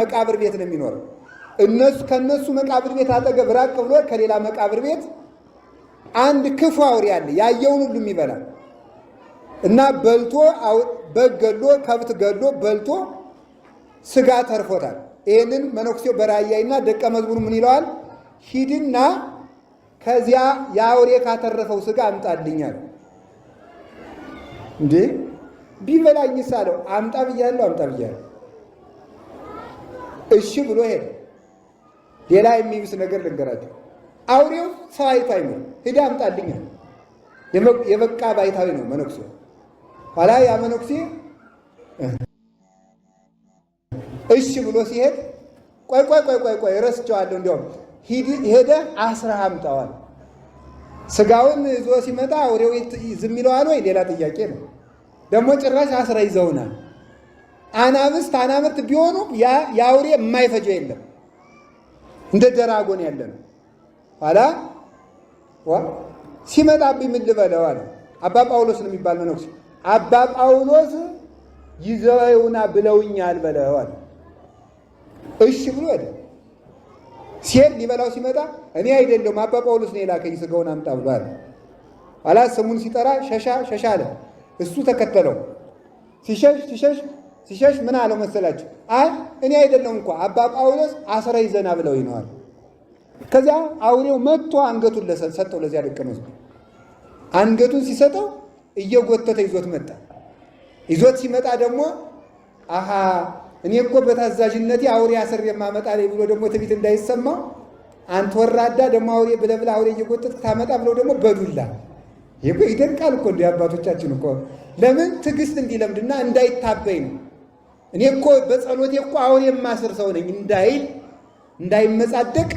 መቃብር ቤት ነው የሚኖረው። እነሱ ከነሱ መቃብር ቤት አጠገብ ራቅ ብሎ ከሌላ መቃብር ቤት አንድ ክፉ አውሬ አለ፣ ያየውን ሁሉ የሚበላ እና በልቶ በግ ገሎ ከብት ገሎ በልቶ ስጋ ተርፎታል። ይህንን መነኩሴው በራያይና ደቀ መዝሙር ምን ይለዋል? ሂድና ከዚያ የአውሬ ካተረፈው ስጋ አምጣልኛል። እንዴ ቢበላኝ ሳለው አምጣ ብያለሁ እሺ ብሎ ሄደ። ሌላ የሚብስ ነገር ልንገራቸው። አውሬው ሰው ነው፣ አይምር ሂድ አምጣልኝ የበቃ ባይታዊ ነው መነኩሴ። ኋላ ያ መነኩሴ እሺ ብሎ ሲሄድ ቆይ ቆይ ቆይ ቆይ ቆይ ረስቸዋለሁ፣ እንዲያውም ሄደ አስራ አምጠዋል። ስጋውን ይዞ ሲመጣ አውሬው ዝም ይለዋል ወይ? ሌላ ጥያቄ ነው ደግሞ ጭራሽ አስራ ይዘውናል። አናብስት አናብርት ቢሆኑ ያ የአውሬ የማይፈጀው የለም። እንደ ደራጎን ያለ ነው። ኋላ ሲመጣብኝ ምን ልበለው አለ። አባ ጳውሎስ ነው የሚባል መነኩሴ። አባ ጳውሎስ ይዘውና ብለውኛል በለው አለ። እሺ ብሎ ወደ ሲሄድ ሊበላው ሲመጣ እኔ አይደለሁም አባ ጳውሎስ ነው የላከኝ ስጋውን አምጣ ብሎ አለ። ኋላ ስሙን ሲጠራ ሸሻ ሸሻ አለ። እሱ ተከተለው ሲሸሽ ሲሸሽ ሲሸሽ ምን አለው መሰላችሁ? አይ እኔ አይደለም እንኳ አባ ጳውሎስ አስረ ይዘና ብለው ይነዋል። ከዚያ አውሬው መጥቶ አንገቱን ሰጠው። ለዚያ ደቀ መዝሙር አንገቱን ሲሰጠው እየጎተተ ይዞት መጣ። ይዞት ሲመጣ ደግሞ አሃ እኔ እኮ በታዛዥነቴ አውሬ አስር የማመጣ ብሎ ደግሞ ትቢት እንዳይሰማው አንተ ወራዳ ደግሞ አውሬ ብለብለ አውሬ እየጎተት ታመጣ ብለው ደግሞ በዱላ ይህ ይደንቃል እኮ እንደ አባቶቻችን እኮ ለምን ትዕግስት እንዲለምድና እንዳይታበይ ነው እኔ እኮ በጸሎቴ እኮ አውሬ የማስር ሰው ነኝ እንዳይል እንዳይመጻደቅ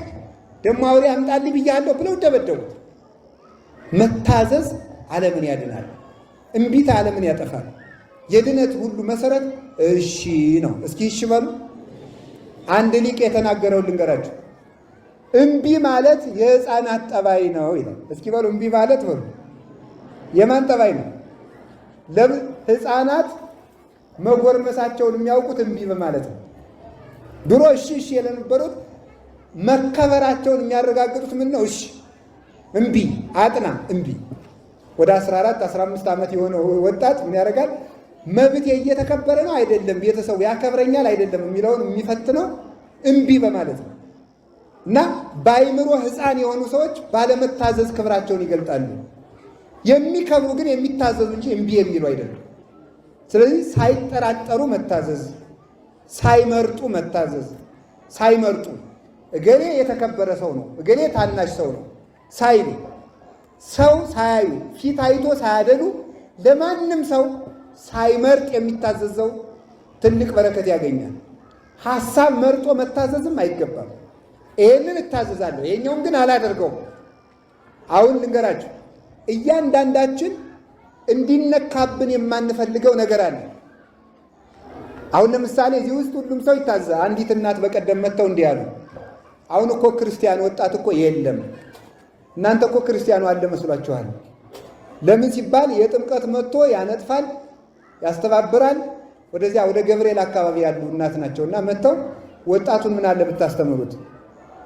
ደግሞ አውሬ አምጣልኝ ብያለሁ ብለው ደበደቡት። መታዘዝ ዓለምን ያድናል፣ እምቢታ ዓለምን ያጠፋል። የድነት ሁሉ መሰረት እሺ ነው። እስኪ እሺ በሉ። አንድ ሊቅ የተናገረው ልንገራችሁ። እምቢ ማለት የህፃናት ጠባይ ነው ይላል። እስኪ በሉ እምቢ ማለት በሉ የማን ጠባይ ነው? ህፃናት መጎርመሳቸውን የሚያውቁት እምቢ በማለት ነው። ድሮ እሺ እሺ የለነበሩት መከበራቸውን የሚያረጋግጡት ምን ነው? እሺ እምቢ፣ አጥና እምቢ። ወደ 14 15 ዓመት የሆነ ወጣት ምን ያደርጋል? መብት እየተከበረ ነው አይደለም፣ ቤተሰቡ ያከብረኛል አይደለም የሚለውን የሚፈትነው እምቢ በማለት ነው። እና በአይምሮ ህፃን የሆኑ ሰዎች ባለመታዘዝ ክብራቸውን ይገልጣሉ። የሚከብሩ ግን የሚታዘዙ እንጂ እምቢ የሚሉ አይደለም። ስለዚህ ሳይጠራጠሩ መታዘዝ፣ ሳይመርጡ መታዘዝ፣ ሳይመርጡ እገሌ የተከበረ ሰው ነው፣ እገሌ ታናሽ ሰው ነው ሳይሉ ሰው ሳያዩ ፊት አይቶ ሳያደሉ ለማንም ሰው ሳይመርጥ የሚታዘዘው ትልቅ በረከት ያገኛል። ሀሳብ መርጦ መታዘዝም አይገባም። ይህንን እታዘዛለሁ፣ ይሄኛውን ግን አላደርገውም። አሁን ልንገራችሁ እያንዳንዳችን እንዲነካብን የማንፈልገው ነገር አለ። አሁን ለምሳሌ እዚህ ውስጥ ሁሉም ሰው ይታዘ አንዲት እናት በቀደም መጥተው እንዲህ አሉ። አሁን እኮ ክርስቲያን ወጣት እኮ የለም፣ እናንተ እኮ ክርስቲያኑ አለ መስሏችኋል። ለምን ሲባል የጥምቀት መጥቶ ያነጥፋል፣ ያስተባብራል። ወደዚያ ወደ ገብርኤል አካባቢ ያሉ እናት ናቸው እና መጥተው ወጣቱን ምን አለ ብታስተምሩት፣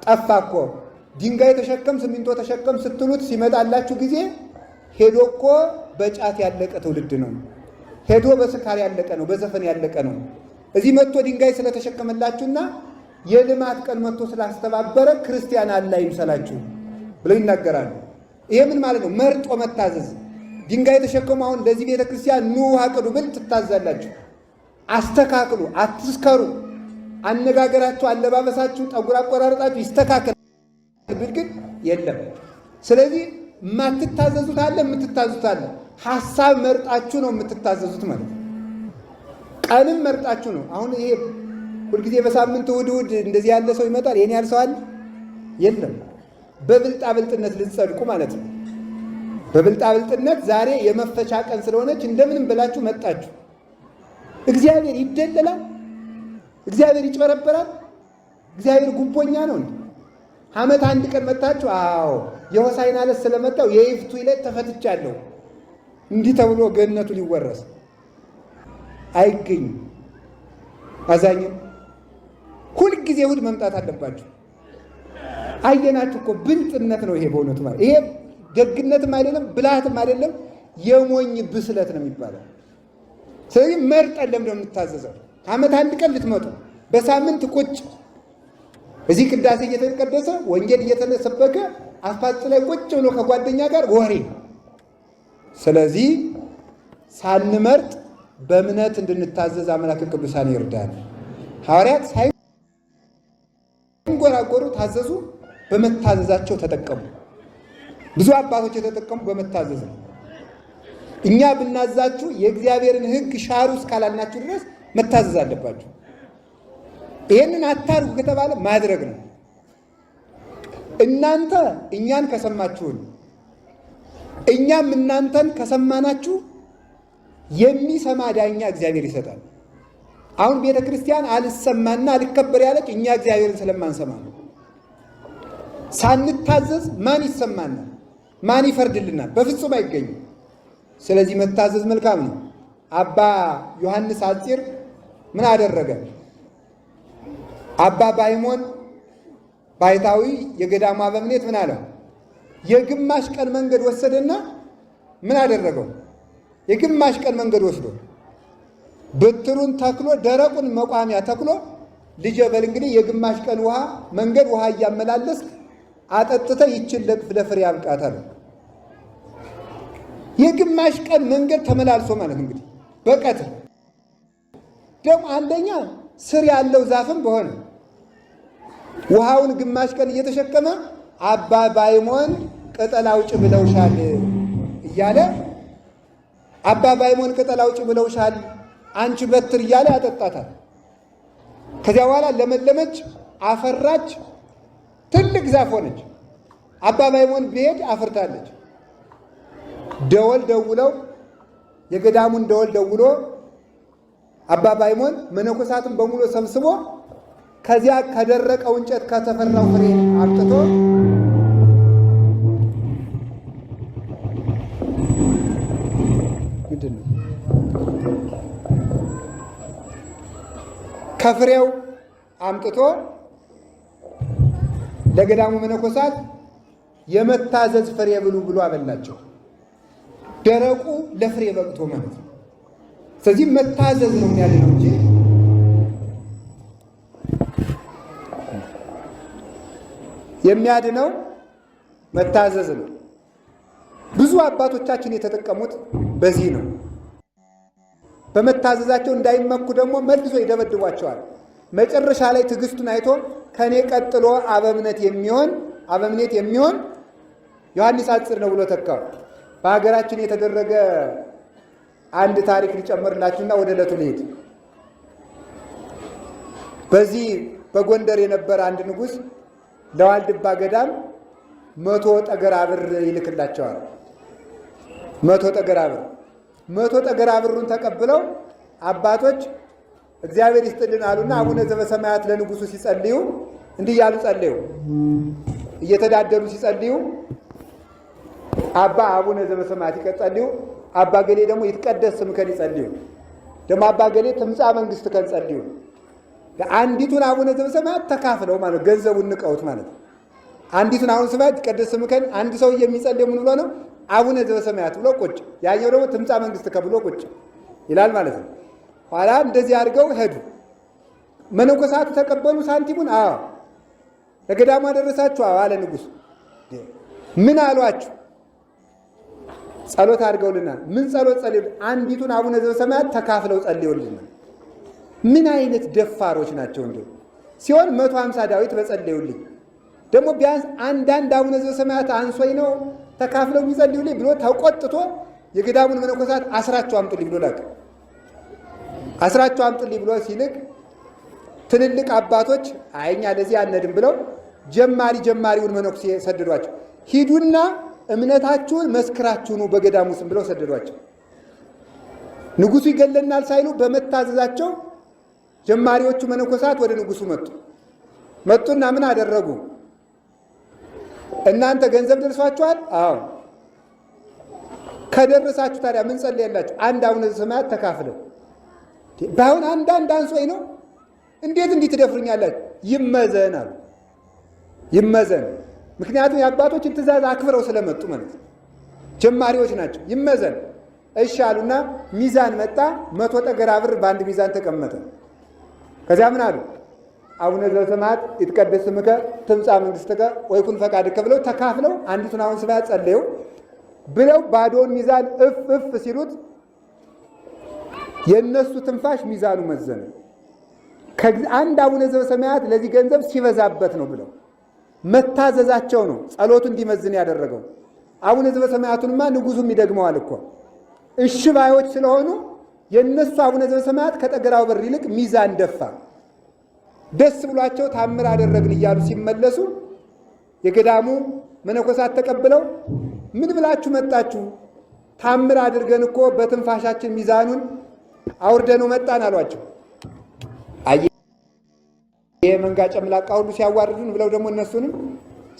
ጠፋ እኮ ድንጋይ ተሸከም፣ ሲሚንቶ ተሸከም ስትሉት ሲመጣላችሁ ጊዜ ሄዶ እኮ በጫት ያለቀ ትውልድ ነው። ሄዶ በስካር ያለቀ ነው፣ በዘፈን ያለቀ ነው። እዚህ መጥቶ ድንጋይ ስለተሸከመላችሁና የልማት ቀን መጥቶ ስላስተባበረ ክርስቲያን አለ ይምሰላችሁ ብለው ይናገራሉ። ይሄ ምን ማለት ነው? መርጦ መታዘዝ። ድንጋይ የተሸከሙ አሁን ለዚህ ቤተ ክርስቲያን ኑ አቅዱ ብል ትታዛላችሁ። አስተካክሉ፣ አትስከሩ። አነጋገራችሁ፣ አለባበሳችሁ፣ ጠጉር አቆራረጣችሁ ይስተካከል ብል ግን የለም። ስለዚህ የማትታዘዙት አለ፣ የምትታዘዙት አለ። ሀሳብ መርጣችሁ ነው የምትታዘዙት ማለት ነው። ቀንም መርጣችሁ ነው። አሁን ይሄ ሁልጊዜ በሳምንት እሑድ እሑድ እንደዚህ ያለ ሰው ይመጣል። ይሄን ያህል ሰው አለ የለም። በብልጣብልጥነት ልትጸድቁ ማለት ነው። በብልጣብልጥነት ዛሬ የመፈቻ ቀን ስለሆነች እንደምንም ብላችሁ መጣችሁ። እግዚአብሔር ይደለላል። እግዚአብሔር ይጭበረበራል። እግዚአብሔር ጉቦኛ ነው። አመት አንድ ቀን መጣችሁ? አዎ የሆሳይና ዕለት ስለመጣው የይፍቱ ይለት ተፈትቻለሁ እንዲህ ተብሎ ገነቱ ሊወረስ አይገኝም። አዛኝም ሁልጊዜ እሑድ መምጣት አለባችሁ። አየናችሁ እኮ ብልጥነት ነው ይሄ። በእውነቱ ማለት ይሄ ደግነትም አይደለም ብልሃትም አይደለም፣ የሞኝ ብስለት ነው የሚባለው። ስለዚህ መርጠን ለምደ የምታዘዘው ከአመት አንድ ቀን ልትመጡ በሳምንት ቁጭ እዚህ ቅዳሴ እየተቀደሰ ወንጌል እየተሰበከ አስፓልት ላይ ቁጭ ብሎ ከጓደኛ ጋር ወሬ። ስለዚህ ሳንመርጥ በእምነት እንድንታዘዝ አምላክ ቅዱሳን ይርዳል። ሐዋርያት ሳይንጎራጎሩ ታዘዙ፣ በመታዘዛቸው ተጠቀሙ። ብዙ አባቶች የተጠቀሙ በመታዘዝ ነው። እኛ ብናዛችሁ የእግዚአብሔርን ሕግ ሻሩ እስካላልናችሁ ድረስ መታዘዝ አለባችሁ። ይህንን አታርጉ ከተባለ ማድረግ ነው። እናንተ እኛን ከሰማችሁን እኛም እናንተን ከሰማናችሁ የሚሰማ ዳኛ እግዚአብሔር ይሰጣል። አሁን ቤተ ክርስቲያን አልሰማና አልከበር ያለች እኛ እግዚአብሔርን ስለማንሰማ ነው። ሳንታዘዝ ማን ይሰማናል? ማን ይፈርድልናል? በፍጹም አይገኝም። ስለዚህ መታዘዝ መልካም ነው። አባ ዮሐንስ አፂር ምን አደረገ? አባ ባይሞን ባይታዊ የገዳሙ አበምኔት ምን አለው? የግማሽ ቀን መንገድ ወሰደና ምን አደረገው? የግማሽ ቀን መንገድ ወስዶ ብትሩን ተክሎ ደረቁን መቋሚያ ተክሎ ልጄ በል እንግዲህ የግማሽ ቀን ውሃ መንገድ ውሃ እያመላለስ አጠጥተ ይችን ለፍሬ ያብቃት አለ። የግማሽ ቀን መንገድ ተመላልሶ ማለት እንግዲህ በቀትር ደግሞ አንደኛ ስር ያለው ዛፍም በሆነ ውሃውን ግማሽ ቀን እየተሸከመ አባ ባይሞን ቅጠል አውጭ ብለውሻል እያለ አባ ባይሞን ቅጠል አውጭ ብለውሻል አንቺ በትር እያለ ያጠጣታል። ከዚያ በኋላ ለመለመች፣ አፈራች፣ ትልቅ ዛፍ ሆነች። አባ ባይሞን ብሄድ አፍርታለች። ደወል ደውለው የገዳሙን ደወል ደውሎ አባ ባይሞን መነኮሳትን በሙሉ ሰብስቦ ከዚያ ከደረቀው እንጨት ከተፈራው ፍሬ አምጥቶ ከፍሬው አምጥቶ ለገዳሙ መነኮሳት የመታዘዝ ፍሬ ብሉ ብሎ አበላቸው። ደረቁ ለፍሬ በቅቶ ማለት ነው። ስለዚህ መታዘዝ ነው የሚያድነው እንጂ የሚያድነው መታዘዝ ነው። ብዙ አባቶቻችን የተጠቀሙት በዚህ ነው። በመታዘዛቸው እንዳይመኩ ደግሞ መልሶ ይደበድቧቸዋል። መጨረሻ ላይ ትዕግስቱን አይቶ ከኔ ቀጥሎ አበምኔት የሚሆን አበምኔት የሚሆን ዮሐንስ አጽር ነው ብሎ ተካ። በሀገራችን የተደረገ አንድ ታሪክ ሊጨምርላችሁና ወደ ዕለቱ ልሄድ። በዚህ በጎንደር የነበረ አንድ ንጉሥ ለዋልድባ ገዳም መቶ ጠገራ ብር ይልክላቸዋል። መቶ ጠገራ ብር መቶ ጠገራ ብሩን ተቀብለው አባቶች እግዚአብሔር ይስጥልን አሉና አቡነ ዘበሰማያት ለንጉሱ ሲጸልዩ እንዲህ እያሉ ጸልዩ። እየተዳደሉ ሲጸልዩ አባ አቡነ ዘበሰማያት ይቀጸልዩ አባ ገሌ ደግሞ ይትቀደስ ስምከን ይጸልዩ፣ ደግሞ አባ ገሌ ትምጻ መንግስት ከን ጸልዩ አንዲቱን አቡነ ዘበሰማያት ተካፍለው ማለት ገንዘቡን ንቀውት ማለት ነው። አንዲቱን አቡነ ሰማያት ይትቀደስ ስምከን አንድ ሰው የሚጸልይ ምን ብሎ ነው? አቡነ ዘበሰማያት ብሎ ቁጭ፣ ያኛው ደግሞ ትምጻ መንግስት ከብሎ ቁጭ ይላል ማለት ነው። ኋላ እንደዚህ አድርገው ሄዱ። መነኮሳት ተቀበሉ ሳንቲሙን። አዎ ለገዳሙ አደረሳችሁ? አዎ አለ ንጉሱ። ምን አሏችሁ? ጸሎት አድርገውልናል። ምን ጸሎት ጸልዩ? አንዲቱን አቡነ ዘበሰማያት ተካፍለው ጸልዩልናል። ምን አይነት ደፋሮች ናቸው እንዴ! ሲሆን መቶ ሀምሳ ዳዊት በጸለዩልኝ ደግሞ ቢያንስ አንዳንድ አቡነ ዘበሰማያት አንሶኝ ነው ተካፍለው የሚጸልዩልኝ ብሎ ተቆጥቶ የገዳሙን መነኮሳት አስራቸው አምጡልኝ ብሎ ላከ። አስራቸው አምጡልኝ ብሎ ሲልክ ትልልቅ አባቶች አይኛ ለዚህ አነድም ብለው ጀማሪ ጀማሪውን መነኩሴ ሰደዷቸው። ሂዱና እምነታችሁን መስክራችሁኑ በገዳሙ ስም ብለው ሰደዷቸው። ንጉሱ ይገለናል ሳይሉ በመታዘዛቸው ጀማሪዎቹ መነኮሳት ወደ ንጉሱ መጡ። መጡና ምን አደረጉ? እናንተ ገንዘብ ደርሷችኋል? አዎ። ከደረሳችሁ ታዲያ ምን ጸልያላችሁ? አንድ አቡነ ዘበሰማያት ተካፍለው በአሁን አንዳንድ ወይ ነው። እንዴት እንዲህ ትደፍሩኛላችሁ? ይመዘን አሉ። ይመዘን ምክንያቱም የአባቶችን ትእዛዝ አክብረው ስለመጡ ማለት ነው። ጀማሪዎች ናቸው። ይመዘን እሺ አሉና ሚዛን መጣ። መቶ ጠገራ ብር በአንድ ሚዛን ተቀመጠ። ከዚያ ምን አሉ? አቡነ ዘበሰማያት ይትቀደስ ስምከ ትምጻእ መንግሥትከ ወይኩን ፈቃድከ ብለው ተካፍለው አንዲቱን አሁን ስብሐት ጸለዩ ብለው ባዶውን ሚዛን እፍ እፍ ሲሉት የእነሱ ትንፋሽ ሚዛኑ መዘነ። አንድ አቡነ ዘበሰማያት ለዚህ ገንዘብ ሲበዛበት ነው ብለው መታዘዛቸው ነው ጸሎቱ እንዲመዝን ያደረገው። አቡነ ዘበሰማያቱንማ ንጉሱም ይደግመዋል እኮ እሺ ባዮች ስለሆኑ የእነሱ አቡነ ዘበሰማያት ከጠገራው በር ይልቅ ሚዛን ደፋ። ደስ ብሏቸው ታምር አደረግን እያሉ ሲመለሱ የገዳሙ መነኮሳት ተቀብለው ምን ብላችሁ መጣችሁ? ታምር አድርገን እኮ በትንፋሻችን ሚዛኑን አውርደኑ መጣን አሏቸው። ይሄ መንጋ ጨምላቃ ሁሉ ሲያዋርዱን ብለው ደግሞ እነሱንም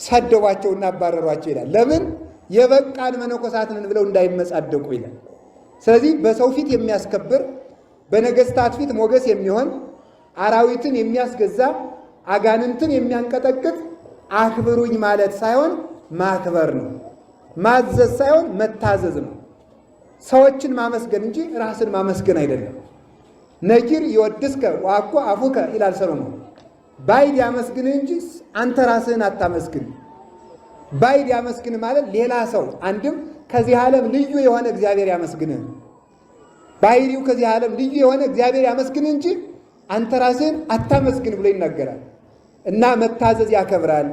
ሰደቧቸውና አባረሯቸው ይላል። ለምን የበቃን መነኮሳትንን ብለው እንዳይመጻደቁ ይላል። ስለዚህ በሰው ፊት የሚያስከብር በነገስታት ፊት ሞገስ የሚሆን አራዊትን የሚያስገዛ አጋንንትን የሚያንቀጠቅጥ አክብሩኝ ማለት ሳይሆን ማክበር ነው። ማዘዝ ሳይሆን መታዘዝ ነው። ሰዎችን ማመስገን እንጂ ራስን ማመስገን አይደለም። ነኪር ይወድስከ ዋኮ አፉከ ይላል ሰሎሞን። ባይድ ያመስግን እንጂ አንተ ራስህን አታመስግን። ባይድ ያመስግን ማለት ሌላ ሰው አንድም ከዚህ ዓለም ልዩ የሆነ እግዚአብሔር ያመስግንህ። ባይሪው ከዚህ ዓለም ልዩ የሆነ እግዚአብሔር ያመስግንህ እንጂ አንተ ራስህን አታመስግን ብሎ ይናገራል። እና መታዘዝ ያከብራል።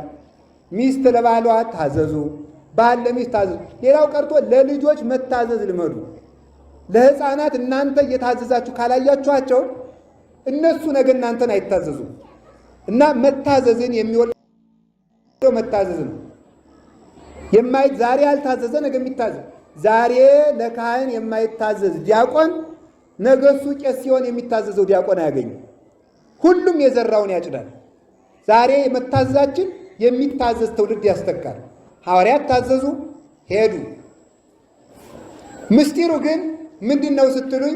ሚስት ለባሏ ታዘዙ፣ ባል ለሚስት ታዘዙ። ሌላው ቀርቶ ለልጆች መታዘዝ ልመዱ። ለሕፃናት እናንተ እየታዘዛችሁ ካላያችኋቸው እነሱ ነገ እናንተን አይታዘዙ እና መታዘዝን የሚወል መታዘዝ ነው። የማይ ዛሬ ያልታዘዘ ነገ የሚታዘዝ ዛሬ ለካህን የማይታዘዝ ዲያቆን ነገሱ ቄስ ሲሆን የሚታዘዘው ዲያቆን አያገኝም። ሁሉም የዘራውን ያጭዳል። ዛሬ መታዘዛችን የሚታዘዝ ትውልድ ያስተካል። ሐዋርያት ታዘዙ፣ ሄዱ። ምስጢሩ ግን ምንድን ነው ስትሉኝ፣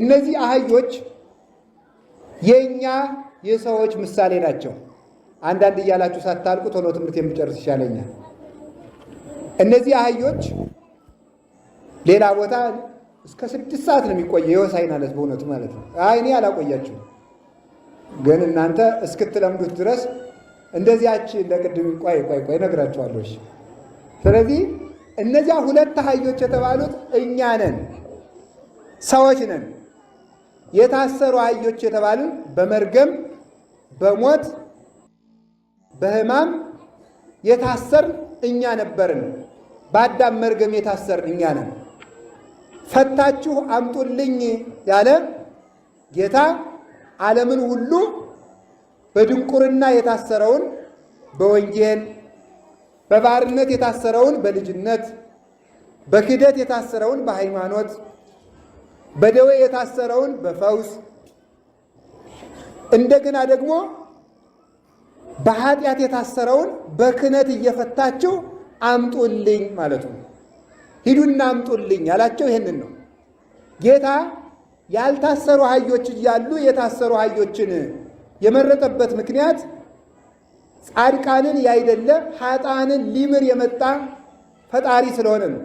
እነዚህ አህዮች የእኛ የሰዎች ምሳሌ ናቸው። አንዳንድ እያላችሁ ሳታልቁ ቶሎ ትምህርት የምጨርስ ይሻለኛል። እነዚህ አህዮች ሌላ ቦታ እስከ ስድስት ሰዓት ነው የሚቆየ የወሳኝ ማለት በእውነቱ ማለት ነው። አይ እኔ ግን እናንተ እስክትለምዱት ድረስ እንደዚያች ለቅድም ቆይ ቆይ ቆይ እነግራችኋለሁ። ስለዚህ እነዚያ ሁለት አህዮች የተባሉት እኛ ነን፣ ሰዎች ነን። የታሰሩ አህዮች የተባሉን በመርገም በሞት በህማም የታሰር እኛ ነበርን። በአዳም መርገም የታሰርን እኛ ነን። ፈታችሁ አምጡልኝ ያለ ጌታ ዓለምን ሁሉ በድንቁርና የታሰረውን በወንጌል በባርነት የታሰረውን በልጅነት በክደት የታሰረውን በሃይማኖት በደዌ የታሰረውን በፈውስ እንደገና ደግሞ በኃጢአት የታሰረውን በክነት እየፈታችሁ አምጡልኝ ማለቱ ነው። ሂዱና አምጡልኝ ያላቸው ይህንን ነው። ጌታ ያልታሰሩ አህዮች እያሉ የታሰሩ አህዮችን የመረጠበት ምክንያት ጻድቃንን ያይደለ ሀጣንን ሊምር የመጣ ፈጣሪ ስለሆነ ነው።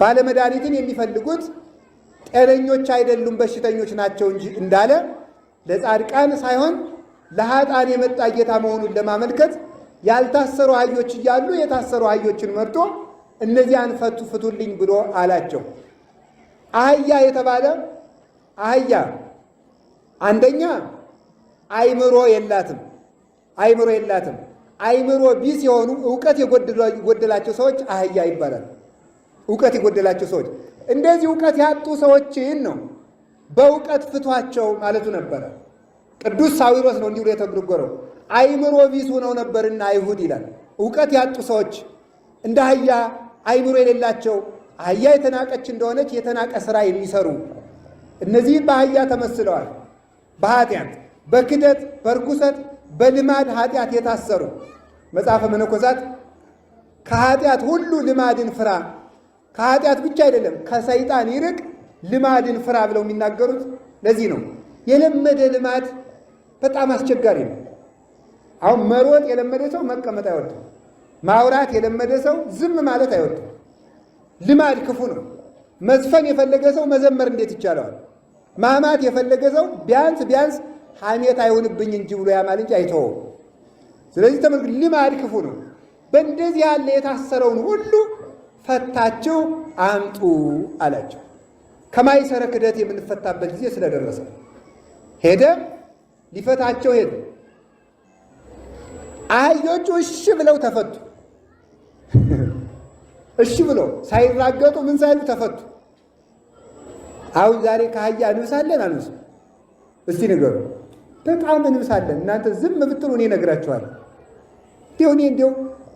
ባለመድኃኒትን የሚፈልጉት ጤነኞች አይደሉም በሽተኞች ናቸው እንጂ እንዳለ ለጻድቃን ሳይሆን ለሀጣን የመጣ ጌታ መሆኑን ለማመልከት ያልታሰሩ አህዮች እያሉ የታሰሩ አህዮችን መርቶ እነዚያን ፈቱ ፍቱልኝ ብሎ አላቸው። አህያ የተባለ አህያ አንደኛ አይምሮ የላትም፣ አይምሮ የላትም። አይምሮ ቢስ የሆኑ እውቀት የጎደላቸው ሰዎች አህያ ይባላል። እውቀት የጎደላቸው ሰዎች እንደዚህ እውቀት ያጡ ሰዎችን ነው በእውቀት ፍቷቸው ማለቱ ነበረ። ቅዱስ ሳዊሮስ ነው እንዲሁ የተጎረጎረው አይምሮ ቢስ ሆነው ነበርና አይሁድ ይላል። እውቀት ያጡ ሰዎች እንደ አህያ አይምሮ የሌላቸው አህያ የተናቀች እንደሆነች የተናቀ ስራ የሚሰሩ እነዚህ በአህያ ተመስለዋል። በኃጢአት በክደት በርኩሰት በልማድ ኃጢአት የታሰሩ መጽሐፈ መነኮሳት ከኃጢአት ሁሉ ልማድን ፍራ፣ ከኃጢአት ብቻ አይደለም ከሰይጣን ይርቅ ልማድን ፍራ ብለው የሚናገሩት ለዚህ ነው። የለመደ ልማድ በጣም አስቸጋሪ ነው። አሁን መሮጥ የለመደ ሰው መቀመጥ አይወድም። ማውራት የለመደ ሰው ዝም ማለት አይወድም። ልማድ ክፉ ነው። መዝፈን የፈለገ ሰው መዘመር እንዴት ይቻለዋል? ማማት የፈለገ ሰው ቢያንስ ቢያንስ ሐሜት አይሆንብኝ እንጂ ብሎ ያማል እንጂ አይተወውም። ስለዚህ ተመልክ፣ ልማድ ክፉ ነው። በእንደዚህ ያለ የታሰረውን ሁሉ ፈታችሁ አምጡ አላቸው። ከማይሰረ ክደት የምንፈታበት ጊዜ ስለደረሰ ሄደ፣ ሊፈታቸው ሄደ። አህዮቹ እሺ ብለው ተፈቱ። እሺ ብለው ሳይራገጡ ምን ሳይሉ ተፈቱ። አሁን ዛሬ ከአህያ እንብሳለን አንብስ እስቲ ንገሩ። በጣም እንብሳለን። እናንተ ዝም ብትሉ እኔ እነግራችኋለሁ። እንዲሁ እኔ እንዲሁ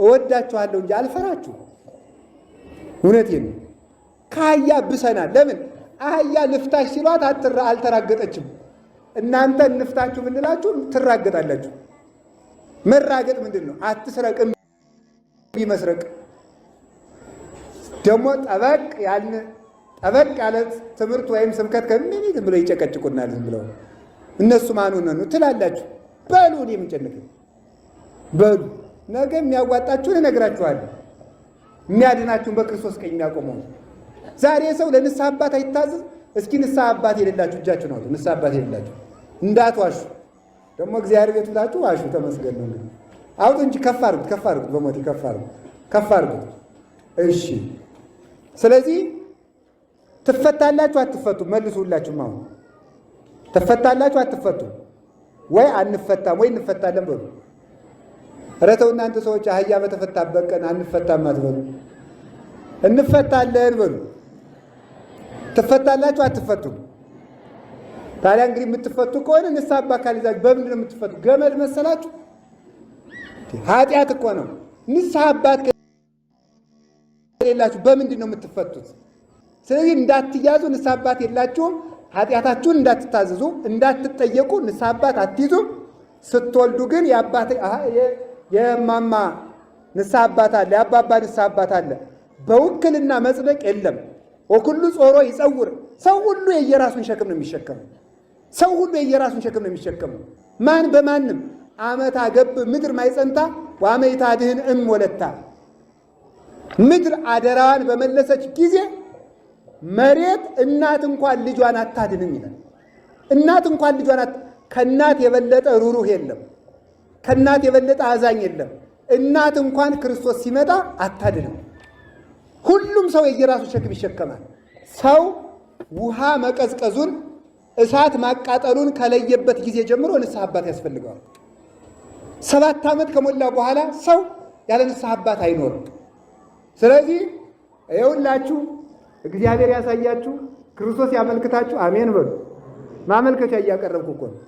እወዳችኋለሁ እንጂ አልፈራችሁ። እውነት ነው። ከአህያ ብሰናል። ለምን አህያ ልፍታሽ ሲሏት አልተራገጠችም። እናንተ እንፍታችሁ ምንላችሁ ትራገጣላችሁ። መራገጥ ምንድን ነው? አትስረቅ ቢመስረቅ ደግሞ ጠበቅ ያልን ጠበቅ ያለ ትምህርት ወይም ስብከት ከምን ዝም ብለው ይጨቀጭቁናል። ዝም ብለው እነሱ ማኑ ነኑ ትላላችሁ። በሉ እኔ በሉ ነገ የሚያዋጣችሁን እነግራችኋለሁ። የሚያድናችሁን በክርስቶስ ቀኝ የሚያቆመው ዛሬ ሰው ለንስሐ አባት አይታዘዝ። እስኪ ንስሐ አባት የሌላችሁ እጃችሁ ነው። ንስሐ አባት የሌላችሁ እንዳትዋሹ። ደግሞ እግዚአብሔር ቤት ብላችሁ ዋሹ። ተመስገን ነው እንግዲህ አውጡ እንጂ ከፍ አድርጉት፣ ከፍ አድርጉት፣ በሞቴ ከፍ አድርጉት፣ ከፍ አድርጉት። እሺ፣ ስለዚህ ትፈታላችሁ አትፈቱ? መልሱ። ሁላችሁም አሁን ትፈታላችሁ አትፈቱ? ወይ አንፈታም ወይ እንፈታለን በሉ። ኧረ ተው እናንተ ሰዎች፣ አህያ በተፈታበት ቀን አንፈታም አትበሉ፣ እንፈታለን በሉ። ትፈታላችሁ አትፈቱም? ታዲያ እንግዲህ የምትፈቱ ከሆነ ንስሐ አካል ይዛችሁ በምንድን ነው የምትፈቱ? ገመድ መሰላችሁ? ኃጢአት እኮ ነው። ንስሐ አባት ከሌላችሁ በምንድን ነው የምትፈቱት? ስለዚህ እንዳትያዙ ንስሐ አባት የላችሁም። ኃጢአታችሁን እንዳትታዘዙ፣ እንዳትጠየቁ ንስሐ አባት አትይዙም። ስትወልዱ ግን የማማ ንስሐ አባት አለ፣ የአባባ ንስሐ አባት አለ። በውክልና መጽደቅ የለም። ወኩሉ ጾሮ ይጸውር። ሰው ሁሉ የየራሱን ሸክም ነው የሚሸከመው። ሰው ሁሉ የየራሱን ሸክም ነው የሚሸከመው። ማን በማንም አመታ ገብ ምድር ማይጸንታ ዋመይታ ድህን እም ወለታ ምድር አደራዋን በመለሰች ጊዜ መሬት እናት እንኳን ልጇን አታድንም ይላል። እናት እንኳን ልጇን ከእናት የበለጠ ሩሩህ የለም። ከእናት የበለጠ አዛኝ የለም። እናት እንኳን ክርስቶስ ሲመጣ አታድንም። ሁሉም ሰው የየራሱ ሸክም ይሸከማል። ሰው ውሃ መቀዝቀዙን እሳት ማቃጠሉን ከለየበት ጊዜ ጀምሮ ንስሐ አባት ያስፈልገዋል። ሰባት ዓመት ከሞላ በኋላ ሰው ያለ ንስሐ አባት አይኖርም። ስለዚህ ይኸውላችሁ እግዚአብሔር ያሳያችሁ፣ ክርስቶስ ያመልክታችሁ። አሜን በሉ። ማመልከቻ እያቀረብኩ እኮ ነው።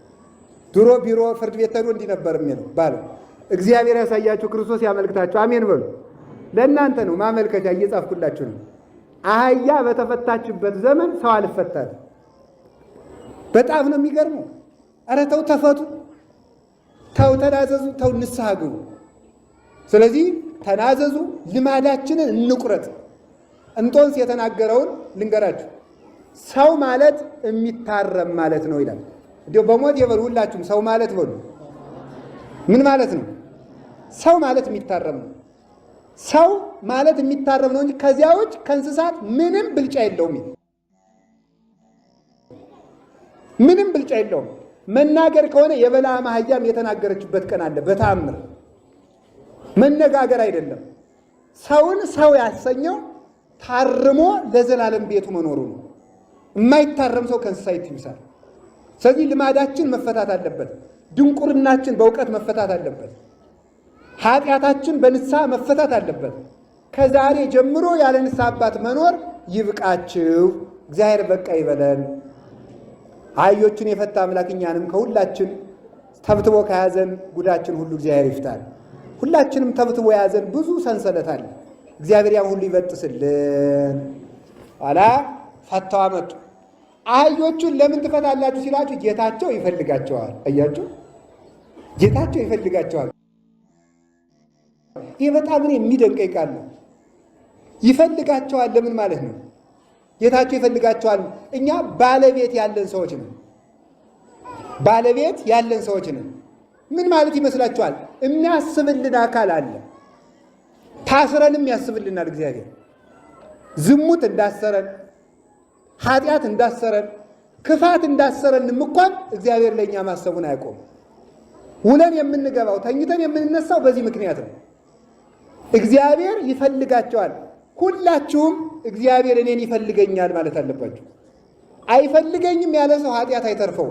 ድሮ ቢሮ ፍርድ ቤት ተዶ እንዲህ ነበር የሚለው ባለ እግዚአብሔር ያሳያችሁ፣ ክርስቶስ ያመልክታችሁ። አሜን በሉ። ለእናንተ ነው ማመልከቻ እየጻፍኩላችሁ ነው። አህያ በተፈታችበት ዘመን ሰው አልፈታል። በጣም ነው የሚገርመው። ኧረ ተው ተፈቱ፣ ተው ተናዘዙ፣ ተው ንስሐ ግቡ። ስለዚህ ተናዘዙ፣ ልማዳችንን እንቁረጥ። እንጦንስ የተናገረውን ልንገራችሁ። ሰው ማለት የሚታረም ማለት ነው ይላል። እንዲሁ በሞት የበሉ ሁላችሁም ሰው ማለት በሉ። ምን ማለት ነው? ሰው ማለት የሚታረም ነው። ሰው ማለት የሚታረም ነው እንጂ ከዚያ ውጭ ከእንስሳት ምንም ብልጫ የለውም። ምንም ብልጫ የለውም። መናገር ከሆነ የበላ አህያም የተናገረችበት ቀን አለ። በታምር መነጋገር አይደለም። ሰውን ሰው ያሰኘው ታርሞ ለዘላለም ቤቱ መኖሩ ነው። የማይታረም ሰው ከእንስሳ ይብሳል። ስለዚህ ልማዳችን መፈታት አለበት። ድንቁርናችን በእውቀት መፈታት አለበት። ኃጢአታችን በንስሐ መፈታት አለበት። ከዛሬ ጀምሮ ያለ ንስሐ አባት መኖር ይብቃችሁ፣ እግዚአብሔር በቃ ይበለን። አህዮቹን የፈታ አምላክ እኛንም ከሁላችን ተብትቦ ከያዘን ጉዳችን ሁሉ እግዚአብሔር ይፍታል። ሁላችንም ተብትቦ የያዘን ብዙ ሰንሰለት አለ። እግዚአብሔር ያን ሁሉ ይበጥስልን። ኋላ ፈታው አመጡ። አህዮቹን ለምን ትፈታላችሁ ሲላችሁ ጌታቸው ይፈልጋቸዋል። እያችሁ ጌታቸው ይፈልጋቸዋል። ይህ በጣም እኔ የሚደንቀኝ ቃል ነው። ይፈልጋቸዋል ለምን ማለት ነው? ጌታቸው ይፈልጋቸዋል። እኛ ባለቤት ያለን ሰዎች ነን። ባለቤት ያለን ሰዎች ነን። ምን ማለት ይመስላችኋል? የሚያስብልን አካል አለ። ታስረንም ያስብልናል እግዚአብሔር። ዝሙት እንዳሰረን፣ ኃጢአት እንዳሰረን፣ ክፋት እንዳሰረንም እንኳን እግዚአብሔር ለእኛ ማሰቡን አያቆም። ውለን የምንገባው ተኝተን የምንነሳው በዚህ ምክንያት ነው። እግዚአብሔር ይፈልጋቸዋል። ሁላችሁም እግዚአብሔር እኔን ይፈልገኛል ማለት አለባችሁ። አይፈልገኝም ያለ ሰው ኃጢአት አይተርፈው።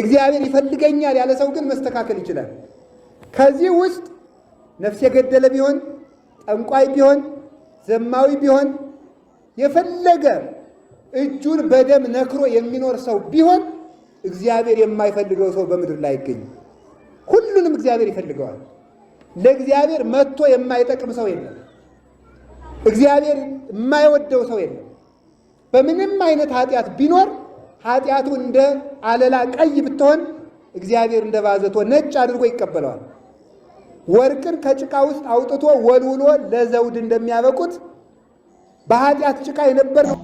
እግዚአብሔር ይፈልገኛል ያለ ሰው ግን መስተካከል ይችላል። ከዚህ ውስጥ ነፍስ የገደለ ቢሆን፣ ጠንቋይ ቢሆን፣ ዘማዊ ቢሆን፣ የፈለገ እጁን በደም ነክሮ የሚኖር ሰው ቢሆን እግዚአብሔር የማይፈልገው ሰው በምድር ላይ አይገኝም። ሁሉንም እግዚአብሔር ይፈልገዋል። ለእግዚአብሔር መጥቶ የማይጠቅም ሰው የለም። እግዚአብሔር የማይወደው ሰው የለም። በምንም አይነት ኃጢአት ቢኖር ኃጢአቱ እንደ አለላ ቀይ ብትሆን እግዚአብሔር እንደ ባዘቶ ነጭ አድርጎ ይቀበለዋል። ወርቅን ከጭቃ ውስጥ አውጥቶ ወልውሎ ለዘውድ እንደሚያበቁት በኃጢአት ጭቃ የነበር ነው።